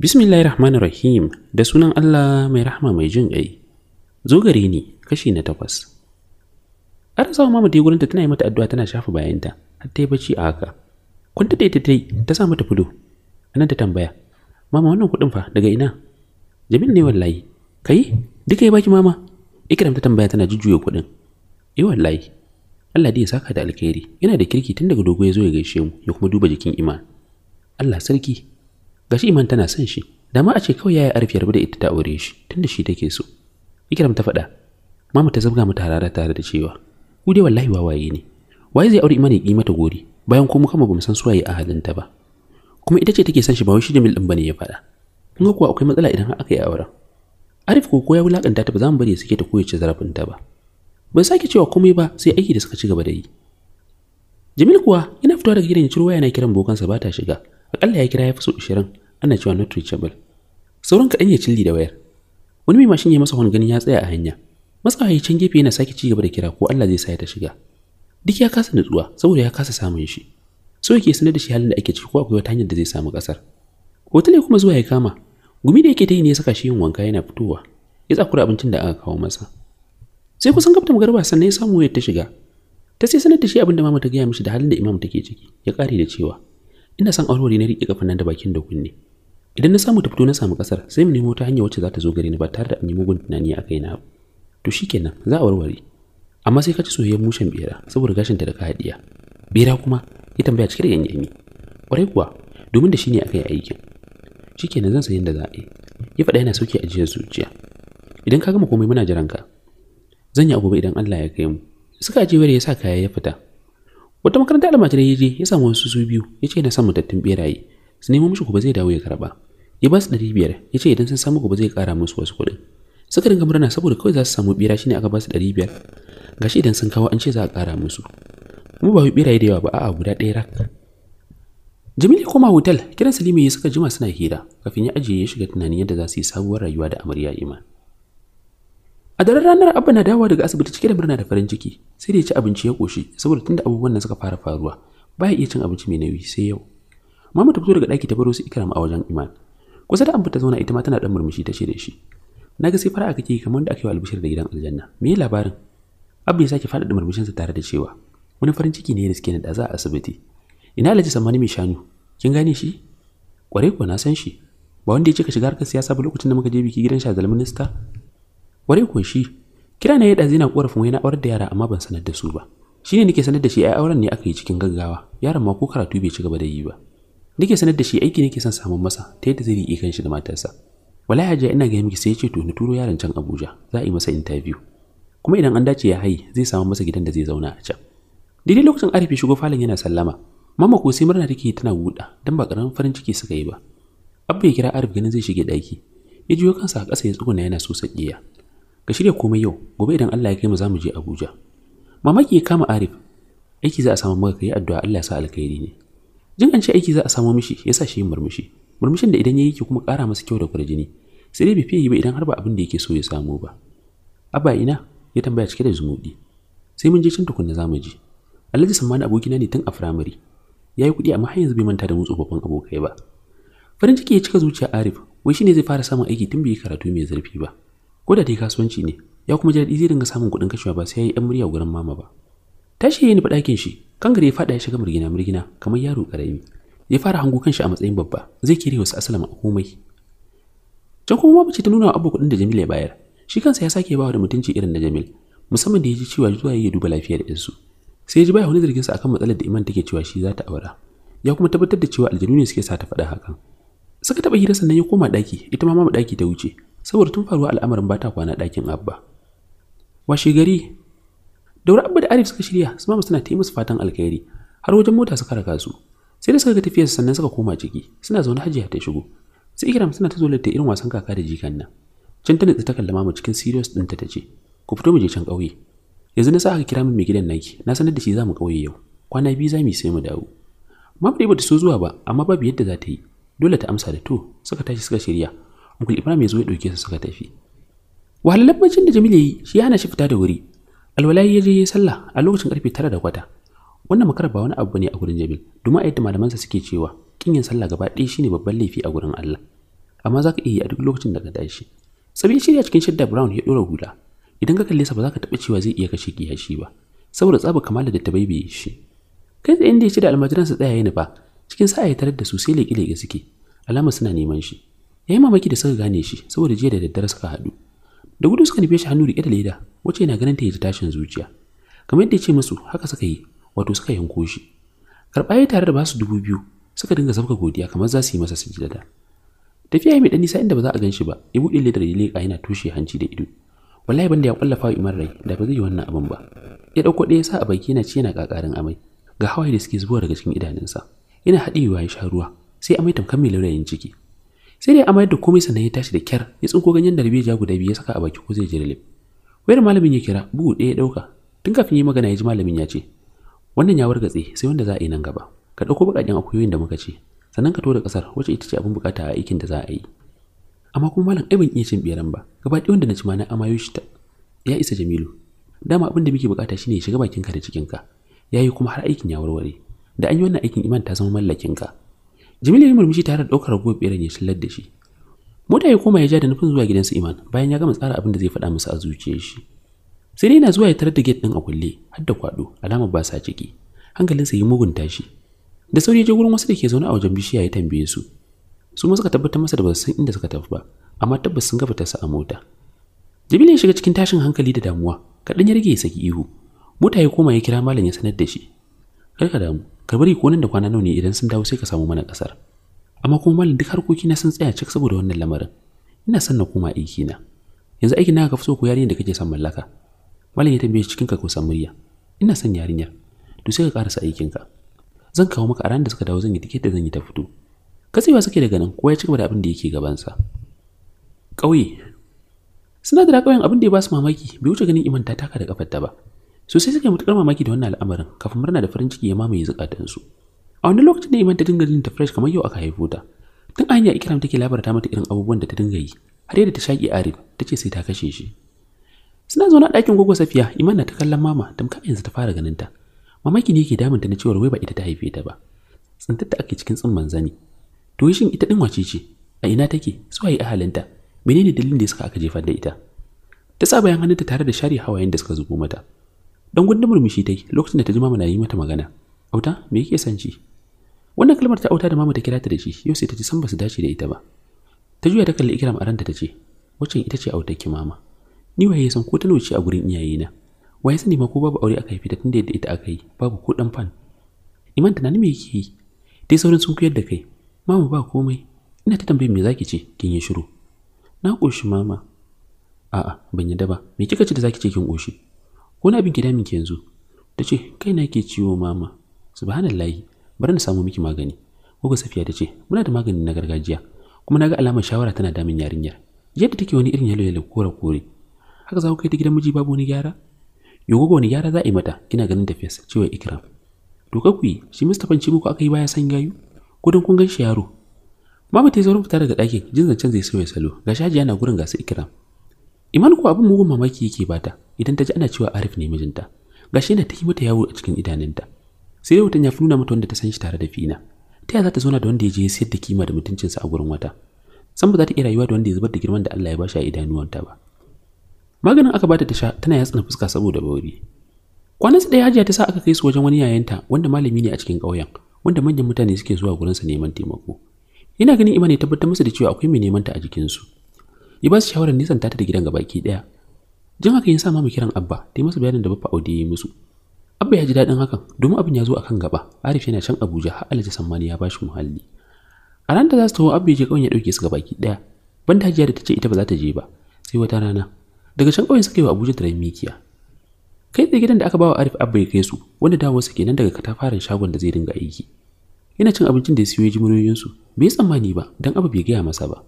Bismillahir Rahmanir Rahim da sunan Allah mai rahama mai jin ƙai. Zo gare ni kashi na takwas. Arzawa mamata dai gurinta tana yi mata addu'a tana shafa bayanta har ta yi bacci a haka. Kun ta ta yi ta sa mata A Nan ta tambaya. Mama wannan kuɗin fa daga ina? Jamil ne wallahi. Kai duka ya baki mama. Ikram ta tambaya tana jujjuya kuɗin. Eh wallahi. Allah dai ya saka da alkhairi. Yana da kirki tun daga dogo ya zo ya gaishe mu ya kuma duba jikin Iman. Allah sarki gashi iman tana son shi da ma a ce kawai yaya arfi da ita ta aure shi tunda shi take so ikram ta faɗa mama ta zabga mata harara tare da cewa ku dai wallahi wawaye ne waye zai aure imani ya ƙi mata gori bayan ko mu kama bamu san suwaye ta ba kuma ita ce take son shi ba wai shi jamil din bane ya faɗa kun ga kuwa akwai matsala idan aka yi auren arif ko ya wulakanta ta ba za mu bari suke ta zarafin ta ba Ban sake cewa komai ba sai aiki da suka ci gaba da yi jamil kuwa yana fitowa daga gidan ya ciro waya na kiran bokansa ba ta shiga akalla ya kira ya fi so 20 ana cewa not reachable sauran kaɗan ya cilli da wayar wani mai mashin ya masa hon ganin ya tsaya a hanya matsa can gefe yana sake ci gaba da kira ko Allah zai sa ya ta shiga duk ya kasa nutsuwa saboda ya kasa samun shi so yake sanar da shi halin da ake ciki ko akwai wata hanyar da zai samu kasar hotel ya kuma zuwa ya kama gumi da yake ta yi ne ya saka shi yin wanka yana fitowa ya tsakura abincin da aka kawo masa sai kusan kaftan garba sannan ya samu wayar ta shiga ta sai sanar da shi abin da mama ta gaya mishi da halin da imam take ciki ya kare da cewa ina son aurori na riƙe kafin nan da bakin da kunne idan na samu ta fito na samu kasar sai mu nemo ta hanya wacce za ta zo gare ni ba tare da an yi mugun tunani a kai na to shikenan za a warware amma sai ka ci soyayyen mushen bera saboda gashin ta da ka haɗiya bera kuma ya tambaya cike 'yan yanyami kwarai kuwa domin da shi ne aka yi aikin shikenan zan san da za a yi ya faɗa yana sauke ajiyar zuciya idan ka gama komai muna jiran ka zan yi abu idan Allah ya kai mu suka je wayar ya sa kaya ya fita wata makaranta almajirai ya je ya samu wasu su biyu ya ce na samu tattun beraye su nemo mishi gobe zai dawo ya karba ya ba su ɗari biyar ya ce idan sun samu gobe zai kara musu wasu kuɗin suka dinga murna saboda kawai za su samu bira shine aka ba su ɗari biyar gashi idan sun kawo an ce za a ƙara musu mu ba wai biraye da yawa ba a'a guda ɗaya rak Jamilu koma hotel kiran Salima ya suka jima suna hira kafin ya ajiye ya shiga tunanin yadda za su yi sabuwar rayuwa da amarya Iman. A daren ranar Abba na dawowa daga asibiti cike da murna da farin ciki sai da ya ci abinci ya koshi saboda tunda abubuwan nan suka fara faruwa baya iya cin abinci mai nauyi sai yau. Mama ta fito daga ɗaki ta baro su Ikram a wajen Iman. Kusa da Ambu zauna ita ma tana dan murmushi ta ce da shi. Na ga sai fara'a kake kamar da ake wa albishir da gidan aljanna. Me labarin? Abu ya sake faɗaɗa sa tare da cewa wani farin ciki ne da suke da za a asibiti. Ina Alhaji Sammani mai shanu. Kin gane shi? Kware ko na san shi. Ba wanda ya ce ka shiga harkar siyasa ba lokacin da muka je biki gidan shazal minista? Kware ko shi? Kira na ya ɗazi na korafin wai na aurar da yara amma ban sanar da su ba. Shi ne nake sanar da shi ai auren ne aka yi cikin gaggawa. Yaron ma ko karatu bai ci gaba da yi ba. nake sanar da shi aiki nake son samun masa ta yadda zai riƙe kanshi da matarsa wallahi hajiya ina gaya miki sai ya ce to ni turo yaron can Abuja za a yi masa interview kuma idan an dace ya hayi zai samu masa gidan da zai zauna a can daidai lokacin Arif shigo falon yana sallama mama ko sai murna take tana guda dan ba karamin farin ciki suka yi ba abba ya kira Arif ganin zai shige daki ya jiyo kansa a ƙasa ya tsuguna yana so sakiya ka shirya komai yau gobe idan Allah ya kai mu za mu je Abuja mamaki ya kama Arif aiki za a samu maka kai addu'a Allah ya sa alkhairi ne jin an aiki za a samo mishi ya sa shi yin murmushi murmushin da idan ya yi ke kuma ƙara masa kyau da kwarjini sai dai bai fiye yi ba idan har ba abin da yake so ya samo ba abba ina ya tambaya cike da zumuɗi sai mun je can tukunna za mu je alhaji sammani abokina ne tun a firamare ya yi kuɗi amma har yanzu bai manta da mu tsofaffin abokai ba farin ciki ya cika zuciya arif wai shine zai fara samun aiki tun bai karatu mai zurfi ba ko da dai kasuwanci ne ya kuma ji daɗi zai dinga samun kuɗin kashewa ba sai ya yi 'yan murya gurin mama ba tashi ya nufi ɗakin shi kan ya faɗa ya shiga murgina murgina kamar yaro ƙarami ya fara hango kanshi a matsayin babba zai kire wasu asalama a komai can kuma ce ta nuna wa abu kuɗin da jamil ya bayar shi kansa ya sake bawa da mutunci irin na jamil musamman da ya ji cewa zuwa ya duba lafiyar yansu sai ya ji baya wani zargin sa akan matsalar da iman take cewa shi za ta aura ya kuma tabbatar da cewa aljanu ne suke sa ta faɗa hakan suka taɓa hira sannan ya koma ɗaki ita ma mama ɗaki ta wuce saboda tun faruwa al'amarin ba ta kwana ɗakin abba washe gari daura abba da arif suka shirya su ma suna ta yi musu fatan alkhairi har wajen mota suka raka su sai da suka ga tafiyarsa sannan suka koma ciki suna zaune hajiya ta shigo sai ikiram suna ta zo da irin wasan kaka da jikan nan can ta nutsu ta kallama mu cikin serious ɗinta ta ce ku fito mu je can kauye yanzu na sa aka kira min mai gidan naki na sanar da shi za mu ƙauye yau kwana biyu za mu sai mu dawo mamu dai bata so zuwa ba amma babu yadda za ta yi dole ta amsa da to suka tashi suka shirya uncle ibrahim ya zo ya ɗauke su suka tafi wahalar baccin da jamil ya yi shi ya hana shi fita da wuri alwala ya je sallah a lokacin karfe tara da kwata wannan makar ba wani abu ne a gurin jabil domin a yadda malamansa suke cewa kin yin sallah gaba ɗaya shine babban laifi a gurin Allah amma za ka iya yi a duk lokacin da ka tashi tsabi shirya cikin shadda brown ya ɗora hula idan ka kalle sa ba za ka taɓa cewa zai iya kashe kiyashi ba saboda tsaba kamala da ta baibaye shi kai tsaye da ya ce da almajiransa tsaya yana ba cikin sa'a ya tarar da su sai leke leke suke alama suna neman shi ya yi mamaki da suka gane shi saboda jiya da daddare suka haɗu da gudu suka nufe shi hannu riƙe da leda wacce yana ganin ta yi tashin zuciya kamar yadda ya ce musu haka suka yi wato suka yanko shi karɓa ya tare da basu dubu biyu suka dinga zafka godiya kamar za su yi masa sujjada tafiya mai ɗanisa nisa inda ba za a gan shi ba ya buɗe ledar ya leƙa yana tushe hanci da ido wallahi banda ya kwallafa wa imar rai da ba zai yi wannan abin ba ya ɗauko ɗaya sa a baki yana ci yana ƙaƙarin amai ga hawaye da suke zuwa daga cikin idanunsa yana haɗiyewa ya sha ruwa sai amai tamkar mai laurayin ciki sai dai amayar da komai sannan ya tashi da kyar ya tsinko ganyen darbejiya guda biyu ya saka a baki ko zai jira lip wayar malamin ya kira bugu ɗaya ya ɗauka tun kafin yi magana ya ji malamin ya ce wannan ya wargatse sai wanda za a yi nan gaba ka ɗauko baƙaƙen akuyoyin da muka ce sannan ka tura ƙasar wacce ita ce abin buƙata a aikin da za a yi amma kuma malam ai ban iya cin beran ba gaba ɗaya wanda na ci ma na amayo shi ta ya isa jamilu dama abin da muke buƙata shine ya shiga bakinka da cikin cikinka yayi kuma har aikin ya warware da an yi wannan aikin iman ta zama ka Jamilu ya murmushi tare da ɗaukar ragowar ɓeran ya shillar da shi. Mota ya koma ya ja da nufin zuwa gidansa Iman bayan ya gama tsara abin da zai faɗa musu a zuciyar shi. Sai dai yana zuwa ya tarar da gate ɗin a kulle har da kwaɗo alamar ba sa ciki. Hankalinsa ya mugun tashi. Da sauri ya je gurin wasu da ke zaune a wajen bishiya ya tambaye su. Su ma suka tabbatar masa da ba san inda suka tafi ba amma tabbas sun gaba su a mota. Jamilu ya shiga cikin tashin hankali da damuwa kaɗan ya rage ya saki ihu. Mota ya koma ya kira malam ya sanar da shi. ka damu, ka bari ko nan da kwana nawa ne idan sun dawo sai ka samu mana kasar amma kuma malam duk harkoki na sun tsaya cik saboda wannan lamarin ina son na koma aiki na yanzu aikin naka ka fi so ko yarinya da kake son mallaka malam ya tambaye cikin ka ko murya ina son yarinya to sai ka karasa aikin ka zan kawo maka a da suka dawo zan yi tiket da zan yi ta fito katsewa suke daga nan kowa ya gaba da abin da yake gabansa ƙauye suna da ƙauyen abin da ya ba su mamaki bai wuce ganin imanta taka da kafarta ba sosai suka yi matuƙar mamaki da wannan al'amarin kafin murna da farin ciki ya mamaye zukatansu a wani lokacin da iman ta dinga jin ta fresh kamar yau aka haifo ta tun a hanya ikiram take labarta mata irin abubuwan da ta dinga yi har yadda ta shaƙi arif ta ce sai ta kashe shi suna zaune a ɗakin gogo safiya iman na ta kallon mama tamkar yanzu ta fara ganin ta mamaki ne yake damunta na cewar wai ba ita ta haife ta ba tsintar ta ake cikin tsimman zani to shin ita din wace ce a ina take waye ahalinta menene dalilin da suka aka jefar da ita ta sa bayan hannunta tare da share hawayen da suka zubo mata dan gudun murmushi ta yi lokacin da ta ji mama na yi mata magana auta me yake son ci wannan kalmar ta auta da mama ta kira ta da shi yau sai ta ji san ba su dace da ita ba ta juya ta kalli ikiram a ranta ta ce waccan ita ce ki mama ni waye san ko ta nauce a gurin iyayena waye sani ma ko babu aure aka haifi ta tunda yadda ita aka yi babu ko dan fan iman tunani me yake yi dai saurin sun kuyar da kai mama ba komai ina ta tambayin me zaki ce kin yi shiru na koshi mama a'a ban yi daba me kika ce da zaki ce kin koshi wani abin gida damin yanzu ta ce kai na ke ciwo mama subhanallahi bari na samu miki magani gogo safiya ta ce muna da magani na gargajiya kuma na ga alamar shawara tana damin yarinyar yadda take wani irin yalo yalo kore kore haka za ku kai ta gidan miji babu wani gyara yo gogo wani gyara za a yi mata kina ganin tafiyar cewa ikram to ka ku yi shi mustapha fanci muku aka yi baya san gayu ko don kun ganshi yaro mama ta yi saurin fita daga ɗakin jin zancen zai sauya salo ga shaji yana gurin gasa ikram iman ko abin mugun mamaki yake bata idan ta ji ana cewa Arif ne mijinta gashi yana ta yi mata yawo a cikin idanunta sai dai wutan ya nuna mata wanda ta san shi tare da Fina ta yaya za ta zauna da wanda ya je sayar da kima da mutuncinsa a gurin wata san ba za ta iya rayuwa da wanda ya zubar da girman da Allah ya bashi a idanuwanta ba maganin aka bata ta sha tana yatsana fuska saboda bauri da ɗaya hajiya ta sa aka kai su wajen wani yayanta wanda malami ne a cikin ƙauyen wanda manyan mutane suke zuwa gurinsa neman taimako ina ganin imani tabbatar musu da cewa akwai mai neman ta a jikinsu ya ba su shawarar nisan ta da gidan gabaki ɗaya jin haka ya sa mamu kiran abba ta yi masa bayanin da baffa audi ya yi musu abba ya ji daɗin hakan domin abin ya zo akan gaba arif yana can abuja har alhaji sammani ya bashi muhalli a ran da za su taho abba ya je ƙauyen ya ɗauke su gabaki ɗaya banda hajiya da ta ita ba za ta je ba sai wata rana daga can ƙauyen suka yi wa abuja da mikiya kai tsaye gidan da aka bawa arif abba ya kai su wanda su kenan daga katafaren shagon da zai dinga aiki yana cin abincin da ya siyo ya ji muryoyinsu bai tsammani ba don abu bai gaya masa ba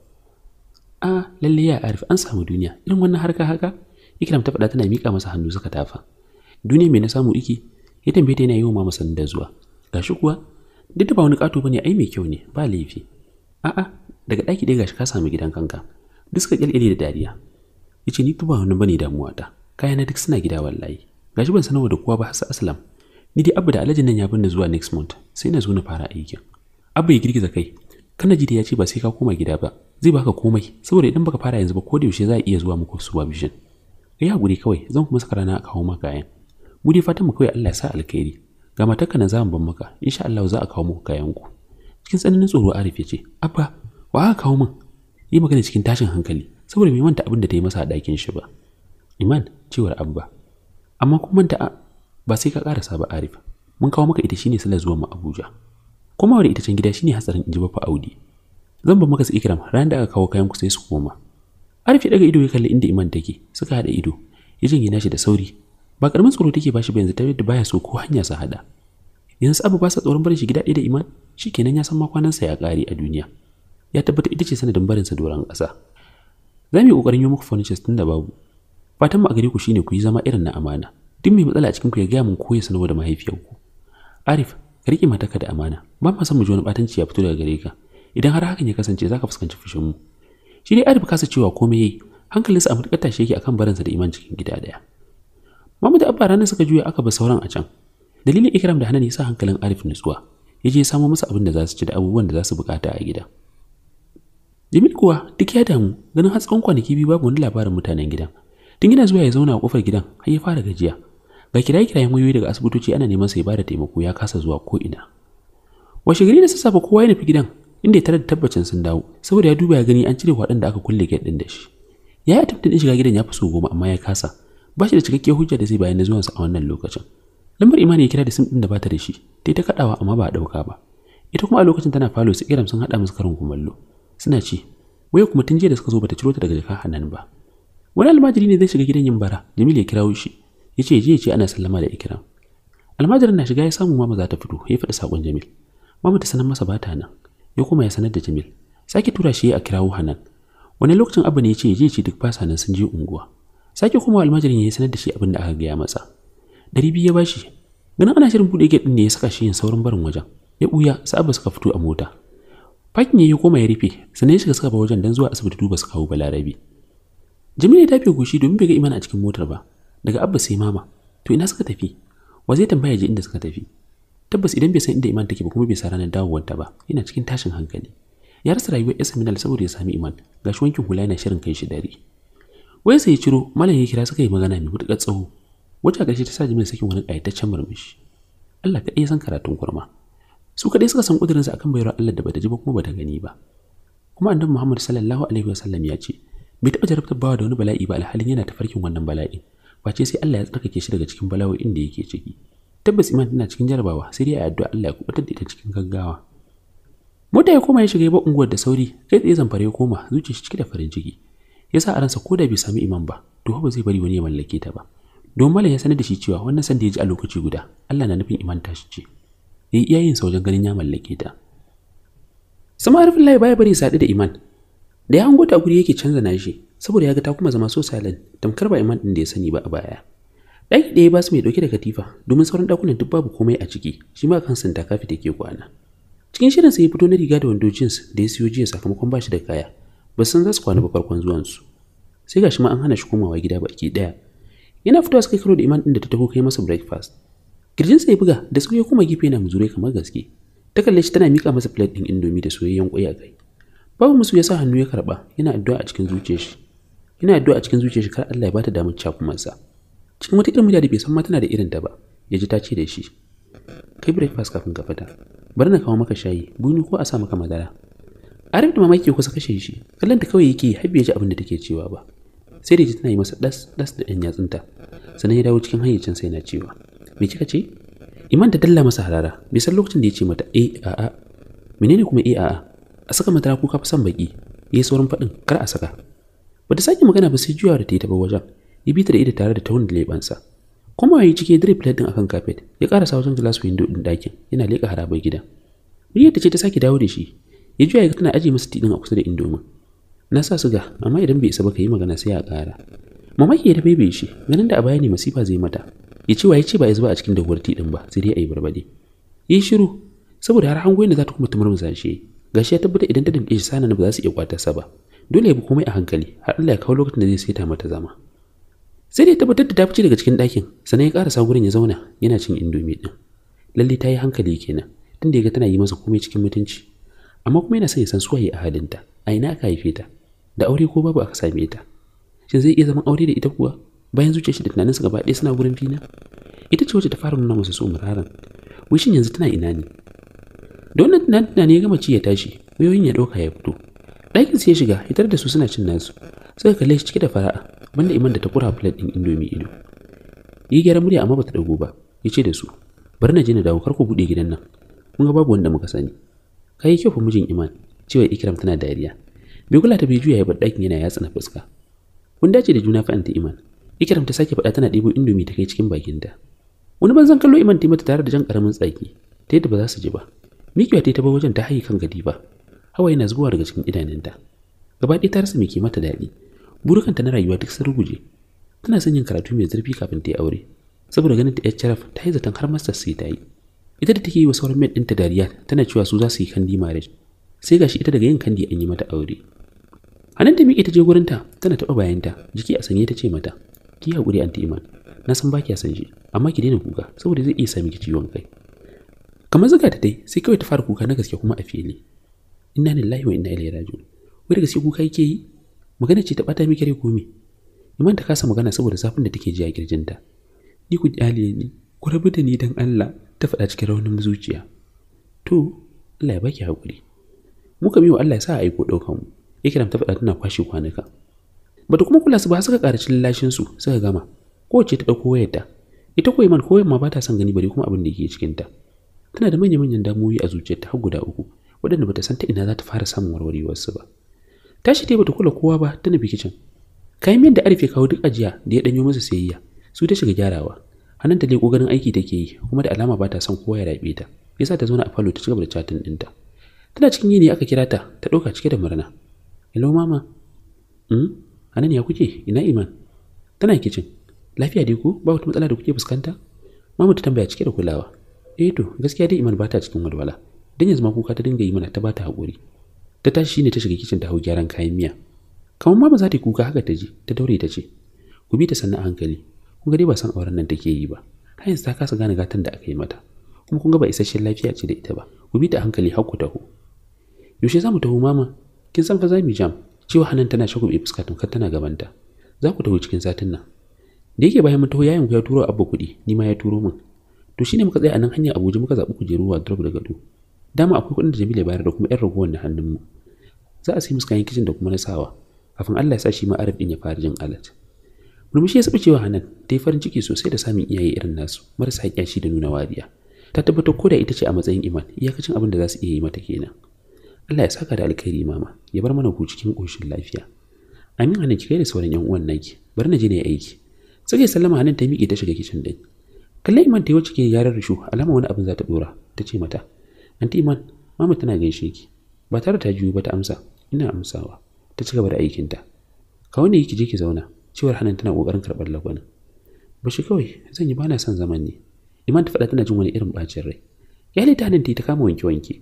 a ah, lalle ya arif an samu duniya irin wannan harka haka Ikram ta faɗa tana miƙa masa hannu suka tafa. Duniya mai na samu iki ya tambaye ta yana yi wa mama sanin da zuwa. Gashi kuwa duk da ba wani ƙato bane ai mai kyau ne ba laifi. A'a daga ɗaki ɗaya gashi ka samu gidan kanka. Duk suka ƙyalƙyale da dariya. Yace ni ba wani bane damuwa ta. Kayana duk suna gida wallahi. Gashi ban sanarwa da kowa ba har aslam. Ni dai abu da alhaji nan ya binne zuwa next month sai na zo na fara aikin. Abu ya girgiza kai kana ji da ya ba sai ka koma gida ba zai baka komai saboda idan baka fara yanzu ba ko da yaushe za a iya zuwa muku supervision ya hakuri kawai zan kuma saka rana a kawo maka kayan. Eh. Mu dai fatan mu kawai Allah ya sa alkhairi. Ga matarka na zamu ban maka insha Allah za a kawo muku kayan ku. Cikin tsananin tsoro Arif ya ce Abba wa aka kawo min? Yi magana cikin tashin hankali saboda bai manta abin da ta yi masa a ɗakin shi ba. Iman cewar Abba. Amma kuma manta ba sai ka karasa ba Arif. Mun kawo maka ita shine sala zuwa mu Abuja. Komawar ita can gida shine hatsarin inji ba fa Audi. Zan ban maka su Ikram ran da aka kawo kayan ku sai su koma. Arif ya daga ido ya kalli inda Iman take, suka hada ido, ya jingina shi da sauri. Ba karamin tsoro take bashi ba yanzu ta yadda baya so ko hanya su haɗa. Yanzu Abu ba sa tsoron barin shi gida ɗaya da Iman, shikenan ya san sa ya kare a duniya. Ya tabbata ita ce sanadin barinsa doron ƙasa. Za mu yi ƙoƙarin yi muku furnitures tun da babu. Fatan mu a gare ku shine ku yi zama irin na amana. Duk mai matsala a cikin ku ya gaya mun ko ya sanarwa da mahaifiyarku. Arif, ka riƙe da amana. Ba ma san mu ji wani ɓatanci ya fito daga gare ka. Idan har hakan ya kasance za fuskanci fushin mu. shi dai arif kasa cewa komai yayi hankalinsa a matuƙar tashi yake akan barinsa da iman cikin gida daya mamu da abba ranar suka juya aka ba sauran a can dalilin ikram da hanan ya sa hankalin arif nutsuwa ya je samo masa abin da za su ci da abubuwan da za su bukata a gida jimil kuwa duk ya damu ganin har tsawon kwanaki biyu babu wani labarin mutanen gidan tun yana zuwa ya zauna a kofar gidan har ya fara gajiya ga kiraye-kirayen wayoyi daga asibitoci ana neman sai bada taimako ya kasa zuwa ko ina washe gari da sassafe kowa ya nufi gidan inda ya tarar da tabbacin sun dawo saboda ya duba ya gani an cire da aka kulle gate din da shi ya yi tabbatin shiga gidan ya fi so goma amma ya kasa ba shi da cikakkiyar hujja da zai bayan na zuwansa a wannan lokacin lambar imani ya kira da sim din da bata da shi ta ta kadawa amma ba a dauka ba ita kuma a lokacin tana falo su kiram sun hada musu karin kumallo suna ci waya kuma tun jiya da suka zo bata ciro ta daga jaka hannun ba wani almajiri ne zai shiga gidan yin bara jamil ya kirawo shi ya ce je ya ce ana sallama da ikram almajirin na shiga ya samu mama za ta fito ya faɗi sakon jamil mama ta sanar masa bata nan ya koma ya sanar da Jamil sake tura shi a kirawo Hanan wani lokacin abu ne ya ce je ci duk fasa nan sun je unguwa sake kuma almajirin ya sanar da shi abin da aka gaya masa ɗari biyu ya bashi ganin ana shirin buɗe gate ne ya saka shi yin saurin barin wajen ya ɓuya abu suka fito a mota fakin ya yi koma ya rufe sannan ya shiga suka ba wajen don zuwa asibiti duba su kawo balarabi jamil ya tafi goshi domin bai ga imana a cikin motar ba daga abba sai mama to ina suka tafi wa zai tambaya je inda suka tafi tabbas idan bai san inda iman take ba kuma bai sa ranar dawowarta ba yana cikin tashin hankali ya rasa rayuwar yasa minal saboda ya sami iman gashi wankin hula yana shirin kai shi dare wai sai ya ciro malam ya kira suka yi magana mai mutukar tsawo wacce a ƙarshe ta sa jimin sakin wani ƙayataccen murmushi Allah ka iya san karatun kurma su kaɗai suka san ƙudurinsa akan bayarwar Allah da bata ji ba kuma bata gani ba kuma annabi Muhammad sallallahu alaihi wa sallam ya ce bai taɓa jarabtar bawa da wani bala'i ba alhalin yana tafarkin wannan bala'in face sai Allah ya tsarkake shi daga cikin bala'o'in da yake ciki tabbas iman tana cikin jarabawa sai dai a addu'a Allah ya kubutar da ita cikin gaggawa mota ya koma ya shiga ba unguwar da sauri kai tsaye zamfare ya koma zuciya shi cike da farin ciki ya sa a ransa ko da bai sami iman ba to ba zai bari wani ya mallake ta ba don malam ya sanar da shi cewa wannan san da ya ji a lokaci guda Allah na nufin iman ta shi ce yayi iyayen sa wajen ganin ya mallake ta sama harfin layi baya bari sadu da iman da ya hango ta guri yake canza nashi saboda ya ga ta kuma zama so silent tamkar ba iman din da ya sani ba a baya Ɗaki ɗaya ba su mai ɗauke da katifa domin sauran ɗakunan duk babu komai a ciki shi ma kan santa kafi take kwana. Cikin shirin sai fito na riga da wando jeans da ya siyo jiya sakamakon ba shi da kaya ba san za su kwana ba farkon su Sai gashi ma an hana shi komawa gida baki ɗaya. Yana fitowa suka karo da iman ɗin da ta taho kai masa breakfast. Kirjinsa ya buga da ya koma gefe yana muzure kamar gaske. Ta kalle shi tana mika masa plate ɗin indomi da soyayyen ƙwai a kai. Babu musu ya sa hannu ya karɓa yana addu'a a cikin zuciyar shi. Yana addu'a a cikin zuciyar shi kar Allah ya bata damar cikin wata irin murya da bai san ma tana da irin ta ba ya ji ta ce da shi kai breakfast kafin ka fita bari na kawo maka shayi buni ko a sa maka madara arif da mamaki kusa kashe shi kallon ta kawai yake har bai ji abin da take cewa ba sai da ji tana yi masa das das da ɗan yatsunta sannan ya dawo cikin hayyacin sai na cewa me kika ce iman ta dalla masa harara bai san lokacin da ya ce mata eh a'a menene kuma eh a a saka madara ko ka son baki yi saurin faɗin kar a saka bata sake magana ba sai juyawa da ta yi wajen ya bi ta da ita tare da taunin leɓansa kuma ya yi cike drip ɗin akan kafet ya kara wajen glass window ɗin dakin yana leƙa harabar gidan muryar ta ce ta sake dawo da shi ya juya ya tana aje masa tiɗin a kusa da indomin na sa su ga, amma idan bai isa ba ka yi magana sai ya ƙara mamaki ya bai shi ganin da a baya ne masifa zai mata ya ce ya ce ba ya zuba a cikin dahuwar tiɗin ba sai dai a yi barbade yi shiru saboda har hangoyin da za ta kuma ta murmusa gashi ya tabbata idan ta dinke shi sana ba za su iya kwatarsa ba dole ya bi komai a hankali har Allah ya kawo lokacin da zai saita mata zama sai da ya tabbatar da ta fice daga cikin ɗakin sannan ya ƙarasa gurin ya zauna yana cin indomi ɗin lalle ta yi hankali kenan tunda ya ga tana yi masa komai cikin mutunci amma kuma yana son ya san waye a halinta a ina aka haife ta da aure ko babu aka same ta shin zai iya zaman aure da ita kuwa bayan zuciyar shi da tunaninsa gaba ɗaya suna gurin fina ita ce wacce ta fara nuna masa so muraran wishin yanzu tana ina ne da wannan tunanin tunanin ya gama ci ya tashi wayoyin ya ɗauka ya fito ɗakin sai ya shiga tarar da su suna cin nasu suka kalle shi cike da fara'a banda iman da ta kura plate din indomi ido yi gyara murya amma bata dago ba yace da su bar na je na dawo kar ku bude gidan nan mun ga babu wanda muka sani kai kyau fa mijin iman cewa ikram tana dariya bai kula ta bai juya ya bar dakin yana yatsa na fuska kun dace da juna fa anta iman ikram ta sake faɗa tana ɗebo indomi ta kai cikin bakinta wani banzan kallo iman ta mata tare da jan karamin tsaki ta yadda ba za su ji ba mikiwa ta yi ta wajen ta haye kan gadi ba hawa yana zubowa daga cikin idanunta gaba ɗaya ta rasa mai ke mata daɗi burukanta na rayuwa duk sun ruguje tana son yin karatu mai zurfi kafin ta yi aure saboda ganin ta caraf ta yi zaton har masters sai ta yi ita da take yi wa sauran mai ɗinta dariya tana cewa su za su yi kandi mare, sai gashi ita daga yin kandi an yi mata aure hannun ta miƙe ta je ta tana taɓa bayanta jiki a sanye ta ce mata ki haƙuri anti iman na san ba a san shi amma ki daina kuka saboda zai iya sa miki ciwon kai kamar zuga ta dai sai kawai ta fara kuka na gaske kuma a fili inna lillahi wa inna ilaihi raji'un wai daga sai kuka yake yi magana ce ta bata miki rai ko me iman ta kasa magana saboda zafin da take ji a kirjinta ni ku kyale ni ku rabu da ni dan Allah ta faɗa cikin raunin zuciya to Allah ya baki hakuri muka biyo Allah ya sa a aiko daukan mu ikiram ta faɗa tana kwashe kwanuka bata kuma kula su ba suka ƙaraci lashin su suka gama kowace ta ɗauko wayarta ita ko man ko ma ba ta son gani bari kuma abin da yake cikin ta tana da manya-manyan damuwoyi a zuciyarta har guda uku waɗanda bata san ta ina za ta fara samun warwarewarsu ba tashi dai bata kula kowa ba tana nufi kicin kayan miyan da arfe kawo duk ajiya da ya danyo masa sayayya su ta shiga gyarawa hannun ta leƙo ganin aiki take yi kuma da alama ba ta son kowa ya rabe ta yasa ta zauna a falo ta cigaba da chatin ɗinta. tana cikin yini aka kira ta ta dauka cike da murna hello mama hmm anan ya kuke ina iman tana kicin lafiya dai ku ba wata matsala da kuke fuskanta mama ta tambaya cike da kulawa eh to gaskiya dai iman ba ta cikin walwala dan yanzu ma kuka ta dinga yi mana ta ba ta haƙuri ta tashi ne ta shiga kicin ta hau gyaran kayan miya kamar ma ba za ta kuka haka ta je ta daure ta ce ku bi ta sannan a hankali kun ga dai ba san auren nan take yi ba har yanzu ta kasa gane gatan da aka yi mata kuma kun ga ba isasshen lafiya ce da ita ba ku bi ta hankali har ku taho yaushe za mu taho mama kin san fa za mu jam cewa hannun tana shagube fuska tamkar tana gabanta za ku taho cikin satin nan da yake bayan mun taho yayin ku ya turo abba kuɗi ni ma ya turo min to shine muka tsaya a nan hanyar Abuja muka zaɓi kujeru wardrobe daga do dama akwai kuɗin da jamilu ya bayar da kuma 'yan ragowar na hannunmu za a sai musu kayan kicin da kuma na sawa kafin Allah ya sa shi ma arab din ya fara jin alat murmushi ya saba cewa Hanan ta yi farin ciki sosai da samun iyaye irin nasu marasa kyashi da nuna wariya ta tabbatar ko da ita ce a matsayin iman iyakacin abin da za su iya yi mata kenan Allah ya saka da alkhairi mama ya bar mana ku cikin koshin lafiya Amin Hanan ki kai da sauran yan uwan naki bari na je yi aiki sai sallama Hanan ta miƙe ta shiga kicin ɗin. kallon iman ta yi wacce ke yaran rishu alama wani abin za ta ɗora ta ce mata anti iman mama tana gaishe ki ba tare ta juyo ba ta amsa ina amsawa ta ci gaba da ta ka wani yake je ki zauna cewar hanan tana kokarin karɓar lagwanin bashi kawai zan yi bana son zaman ne iman ta faɗa tana jin wani irin bacin rai ya ta hanan ta kama wanke wanke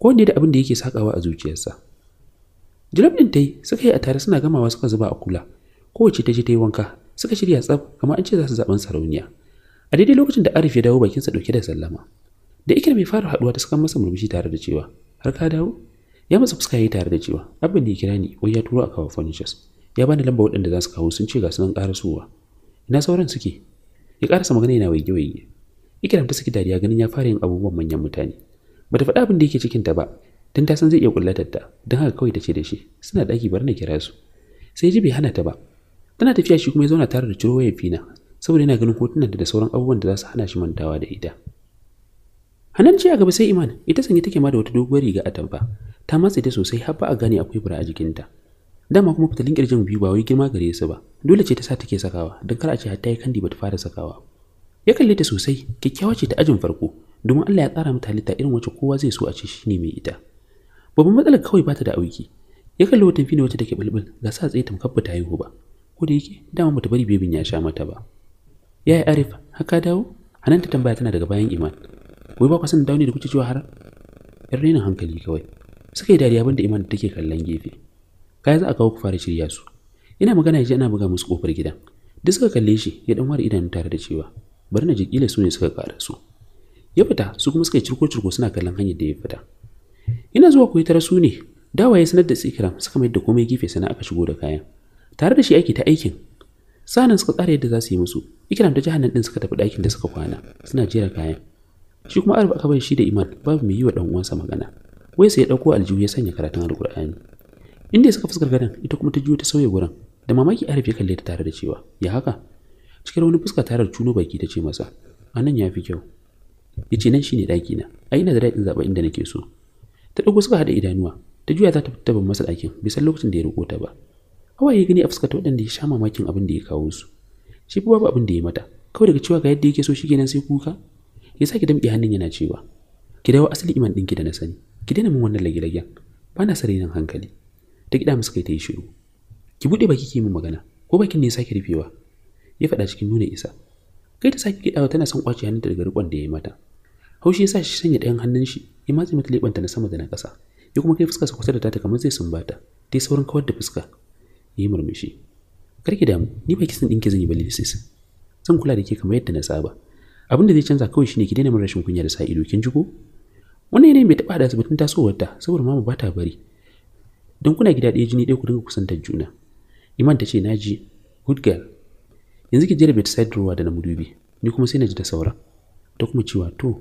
ko ne da abin da yake sakawa a zuciyarsa jirab din tai suka yi a tare suna gamawa suka zuba a kula kowace ta je ta yi wanka suka shirya tsaf kamar an ce za su zaben sarauniya a daidai lokacin da arif ya dawo bakinsa dauke da sallama da ikira bai fara haduwa ta sakan masa murmushi tare da cewa har ka dawo ya matsa fuska yayi tare da cewa abin da ya kira ni wai ya turo a kawo furnitures ya bani lamba waɗanda za su kawo sun ce ga sunan karasowa ina sauran suke ya karasa magana yana waige waige ikiram ta saki dariya ganin ya fara yin abubuwan manyan mutane bata faɗa abin da yake cikin ta ba dan ta san zai iya kullatar ta don haka kawai ta ce da shi suna daki bari na kira su sai ji bai hana ta ba tana tafiya shi kuma ya zauna tare da ciro wayar fina saboda yana ganin hotunan da sauran abubuwan da za su hana shi mantawa da ita nan ce a gaba sai Iman ita sanye take ma da wata doguwar riga a atamfa ta matse ta sosai har ba a gane akwai fura a jikinta. Dama kuma fitilin kirjin biyu ba wai girma gare su ba dole ce ta sa take sakawa don kar a ce hatta yi kandi ta fara sakawa. Ya kalle ta sosai kyakkyawa ce ta ajin farko domin Allah ya tsara mata halitta irin wacce kowa zai so a ce shine mai ita. Babban matsalar kawai bata da auki. Ya kalli wata fina wacce take bulbul ga sa tsaye ta ba ta haihu ba. Ko da yake dama bata bari bebin ya sha mata ba. Yaya Arif, haka dawo? Hanan ta tambaya tana daga bayan Iman. wai ba kwasan dawo ne da kuke cewa har yan rainin hankali kawai suka yi dariya banda iman da take kallon gefe kaya za a kawo ku fara shirya su ina magana ya ji ana buga musu kofar gidan duk suka kalle shi ya dan ware idanu tare da cewa bari na ji kila su ne suka kara su ya fita su kuma suka yi cirko-cirko suna kallon hanyar da ya fita ina zuwa ku tara su ne dawa ya sanar da tsikiram suka mai da komai gefe sana aka shigo da kayan tare da shi aiki ta aikin sanan suka tsara yadda za su yi musu ikiram da jahannan din suka tafi ɗakin da suka kwana suna jera kayan shi kuma arba aka bai shi da iman babu mai yi wa uwansa magana wai sai ya dauko aljihu ya sanya karatun Alƙur'ani. inda suka fuskar gadan ita kuma ta juyo ta sauya gurin da mamaki arif ya kalle ta tare da cewa ya haka cikin wani fuska tarar cuno baki ta ce masa A nan ya fi kyau ya ce nan shine daki na a ina da daɗin zaɓa inda nake so ta ɗauko suka haɗa idanuwa ta juya za ta fita ban masa ɗakin bisan lokacin da ya riko ta ba hawa ya gani a fuskar ta waɗanda ya sha mamakin abin da ya kawo su shi babu abin da ya mata kawai daga cewa ga yadda yake so shikenan sai kuka ya sake damƙe hannun yana cewa ki dawo asali iman ɗinki da na sani ki daina min wannan lagilagen ba na nan hankali ta gida musu kai ta yi shiru ki buɗe baki ki yi min magana ko bakin ne ya sake rufewa ya faɗa cikin nuna isa kai ta sake kiɗawa tana son kwace hannunta daga riƙon da ya yi mata haushi ya sa shi sanya ɗayan hannun shi ya matse mata leɓanta na sama da na ƙasa ya kuma kai fuskarsa kusa da tata kamar zai sumbata ta yi saurin kawar da fuska ya yi murmushi kar ki damu ni ba kisan ɗinki zan yi ba lisis zan kula da ke kamar yadda na saba abin da zai canza kawai shine ki daina min rashin kunya da sa ido kin jigo wannan yanayin bai taɓa da asibitin ta saboda mama ba ta bari don kuna gida ɗaya jini ɗaya ku dinga kusantar juna iman ta ce na ji good girl yanzu ki jira bedside ruwa da na mudubi ni kuma sai na ji ta saura. ta kuma cewa to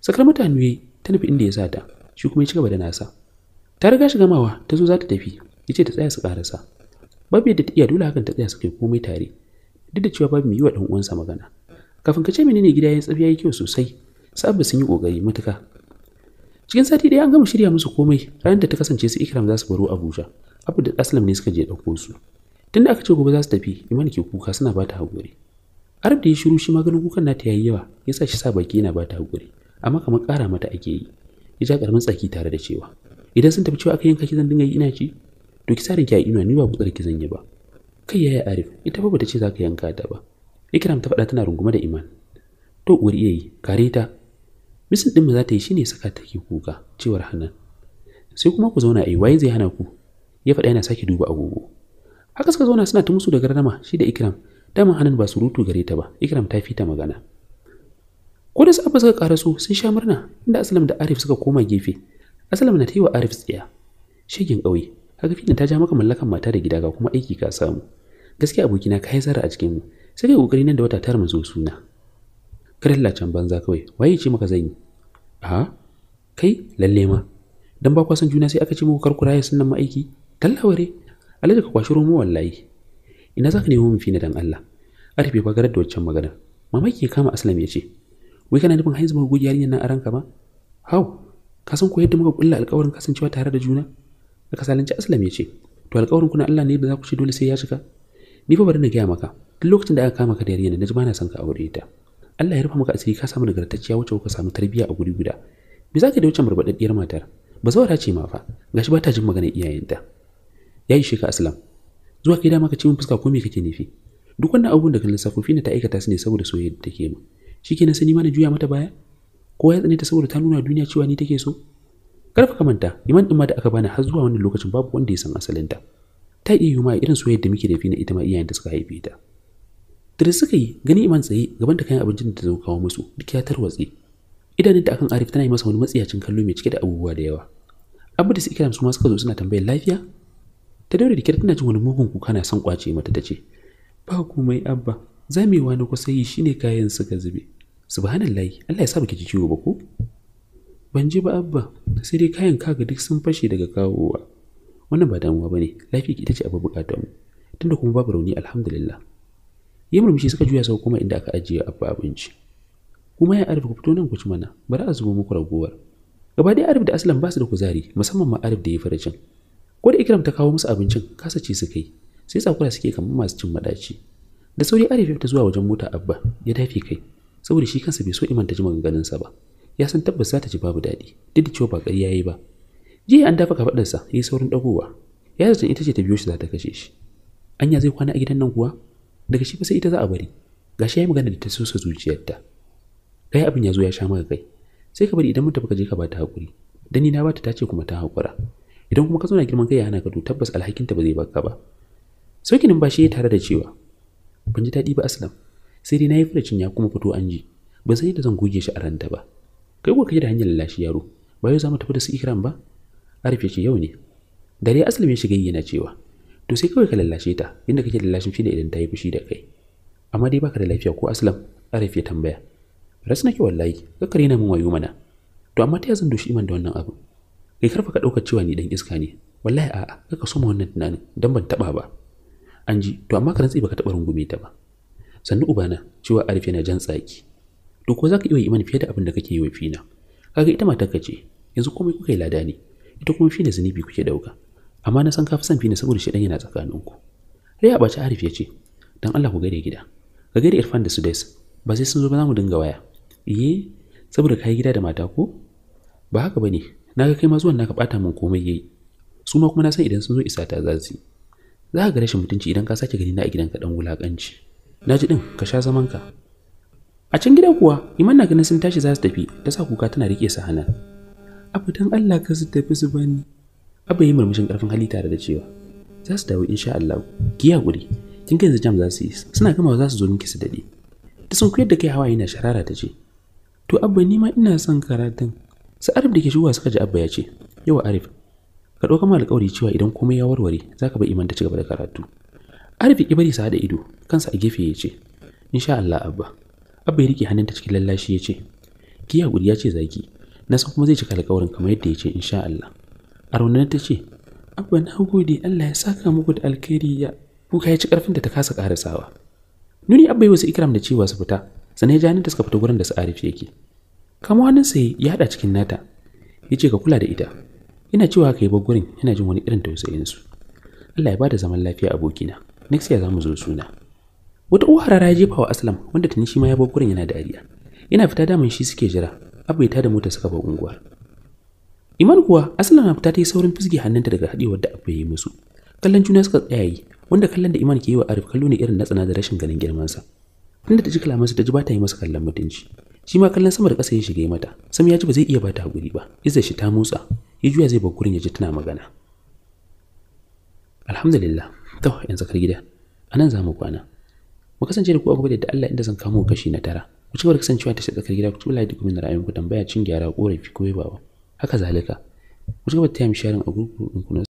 sakar mutane ta nufi inda ya sa ta shi kuma ya ci gaba da nasa ta riga shi gamawa ta zo za ta tafi ya ce ta tsaya su karasa babu yadda ta iya dole hakan ta tsaya su kai komai tare duk da cewa babu mai yi wa ɗan uwansa magana kafin ka ce menene gida ya tsafi yayi kyau sosai sa'abba sun yi kokari matuka. cikin sati ɗaya an gama shirya musu komai ranar da ta kasance su ikram za su baro abuja abu da aslam ne suka je ɗauko su tun da aka ce gobe za su tafi iman ke kuka suna bata haƙuri arab da ya shiru shi maganin kukan nata ya yi yawa ya sa shi sa baki yana bata haƙuri amma kamar ƙara mata ake yi ya ja ƙaramin tsaki tare da cewa idan sun tafi cewa aka yanka kizan dinga yi ina ci to ki sa ki a inuwa ni ba kutsar ki zan yi ba kai yaya arif ita fa bata ce za ka yanka ta ba Ikram ta faɗa tana rungume da Iman. To uwar iyayi kareta. kare ta. Misin ɗin za ta yi shine saka take kuka, cewar Hanan. Sai kuma ku zauna ai wai waye zai hana ku? Ya faɗa yana sake duba agogo. Haka suka zauna suna tumusu musu da garrama shi da Ikram. dama Hanan ba surutu gare ta ba, Ikram ta fita magana. Ko da safa suka karaso sun sha murna inda Aslam da Arif suka koma gefe. Aslam na ta yi wa Arif tsiya. Shegin ƙauye, haka fitin ta ja maka mallakan mata da gida ga kuma aiki ka samu. gaskiya abokina ka yi zara a cikin mu sai kai kokari nan da wata tara mu zo suna karilla can banza kawai waye ce maka zan yi a kai lalle ma dan ba kwasan juna sai aka ce muku karkura ya sunan ma'aiki tallaware alaji ka kwashi romo wallahi ina zaka nemo mun fina dan Allah arfe ba garar da waccan magana mamaki ya kama aslam ya ce wai kana nufin haizu muka guji yarinyar nan a ranka ba hau ka san ko yadda muka kulla alƙawarin kasancewa tare da juna aka salanci aslam ya ce to alƙawarin kuna Allah ne da za ku ce dole sai ya shiga ni fa bari na gaya maka duk lokacin da aka kama ka da yarinya na ji na son ka aure ta Allah ya rufa maka asiri ka samu nagartacciya wacce ka samu tarbiyya a guri guda me zaka da wacce murbadaddiyar matar ba zawara ce ma fa gashi ba ta jin maganar iyayenta yayi shi ka aslam zuwa kai dama ka ci min fuska ko me kake nufi duk wannan abubuwan da kan lissafofi na ta aikata su ne saboda soyayya da take mu shi na sani ma na juya mata baya ko ya tsane ta saboda ta nuna duniya cewa ni take so karfa kamanta iman din ma da aka bani har zuwa wannan lokacin babu wanda ya san asalinta ta iya yi ma irin soyayyar da muke da na ita ma iyayen da suka haife ta da suka yi gani iman tsaye gaban da kayan abincin da zai kawo musu duk ya tarwatse idanun da akan arif tana yi masa wani matsiyacin kallo mai cike da abubuwa da yawa abu da su ikiram su ma suka zo suna tambayar lafiya ta daure da kyar tana jin wani mugun kuka na son kwace mata ta ce ba komai abba zamewa na kusa yi shine kayan suka zube subhanallahi Allah ya sa baki ciwo ba ko ban ji ba abba sai dai kayan kaga duk sun fashe daga kawowa wannan ba damuwa ba ne lafiya ita ce abu bukatar mu tunda kuma babu rauni alhamdulillah ya murmushi suka juya sau kuma inda aka ajiye abu abinci kuma ya arif ku fito nan ku ci mana bari a zubo muku raguwar. gaba ɗaya arif da aslan ba su da kuzari musamman ma arif da ya farcin ko da ikram ta kawo musu abincin kasa ce su kai sai tsakura suke kamar masu cin madaci da sauri arif ta zuwa wajen mota abba ya dafi kai saboda shi kansa bai so imanta ji maganganunsa ba ya san tabbas za ta ji babu daɗi duk da cewa ba ƙarya yayi ba jiya an dafa sa ya yi saurin ɗagowa ya zaton ita ce ta biyo shi za ta kashe shi anya zai kwana a gidan nan kuwa daga shi fa sai ita za a bari gashi ya yi magana da ta sosa zuciyarta kai abin ya zo ya sha maka kai sai ka bari idan mun tafi ka je ka bata hakuri dan ni na bata tace kuma ta hakura idan kuma ka zo na girman kai ya hana ka to tabbas alhakin ba zai baka ba sauki shi ya tare da cewa ban ji daɗi ba aslam sai dai na yi furacin ya kuma fito an ji ban san yadda zan goge shi a ranta ba kai ko kai da hanyar lashi yaro ba yau za mu tafi da su ikram ba arife shi yau ne dare asalin ya shiga yana cewa to sai kawai ka lallashe ta inda kake lallashin shi ne idan ta yi fushi da kai amma dai baka da lafiya ko aslam arif tambaya tambaya na ke wallahi kakar yana min wayo mana to amma ta zan dushi iman da wannan abu kai karfa ka ɗaukar cewa ni dan iska ne wallahi a'a kaka so wannan tunanin dan ban taba ba an ji to amma ka rantsi baka taba rungume ta ba sannu ubana cewa arif na jan tsaki to ko zaka iya iman fiye da abin da kake yi wa fina kaga ita matar ka ce yanzu komai kuka yi lada ne ita kuma shine zunubi kuke dauka amma na san ka fi son fina saboda shi dan yana tsakaninku rai a bace arif ya ce dan Allah ku gare gida ka gare irfan da su sudais ba sai sun zo ba za mu dinga waya eh saboda kai gida da mata ko ba haka bane naga kai ma zuwan naka bata min komai yayi su ma kuma na san idan sun zo isa ta zazi za ka ga rashin mutunci idan ka sake gani na a gidanka dan wulakanci na ji din ka sha zaman ka a can gidan kuwa iman na ganin sun tashi za su tafi ta sa kuka tana rike sa hanan abu don Allah ka su tafi su bani abu yi murmushin karfin hali tare da cewa za su dawo insha Allah giya hakuri kin ga yanzu jam za su yi suna gama za su zo miki su dade ta sun kuyar da kai hawaye na sharara ta ce to abba ni ma ina son karatun su arif da ke shigowa suka ji abba ya ce yawa arif ka ɗauka ma alƙawari cewa idan komai ya warware za ka bar iman ta ci gaba da karatu arif ya bari su haɗa ido kansa a gefe ya ce insha Allah abba abba ya rike hannunta cikin lallashi ya ce Giya hakuri ya ce zaki na san kuma zai cika alƙawarin kamar yadda ya ce insha Allah Aruna ta ce abba na gode Allah ya saka muku da alkhairi ya kuka ya ci karfin da ta kasa karasawa nuni abba ya wasu ikiram da cewa su fita sanai ya ja da suka fita gurin da su arif yake kama hannun sai ya hada cikin nata ya ce ka kula da ita ina cewa ka yi gurin yana jin wani irin tausayinsu Allah ya bada zaman lafiya abokina next year za mu zo suna wata uwa harara ya jefa wa aslam wanda tuni shi ma ya bar gurin yana dariya yana fita daman shi suke jira abu ya tada mota suka ba unguwar iman kuwa na fita ta yi saurin fisge hannunta daga haɗewar da abu ya yi musu kallon juna suka tsaya yi wanda kallon da iman ke yi wa arif kallo ne irin na tsana da rashin ganin girmansa tunda ta ji kalamansa ta ji ba ta yi masa kallon mutunci shi ma kallon sama da ƙasa ya shiga mata sam ya ji ba zai iya ba ta haƙuri ba izar shi ta motsa ya juya zai bakurin ya ji tana magana alhamdulillah to yanzu kar gida anan za mu kwana mu kasance da ku a gobe da Allah inda zan kamo kashi na tara ku ci gaba kasancewa ta tsakar gida ku tula da kuma ra'ayin ra'ayinku tambaya cin gyara korafi ko yabawa haka zalika ku ci gaba da yi mi agogo a group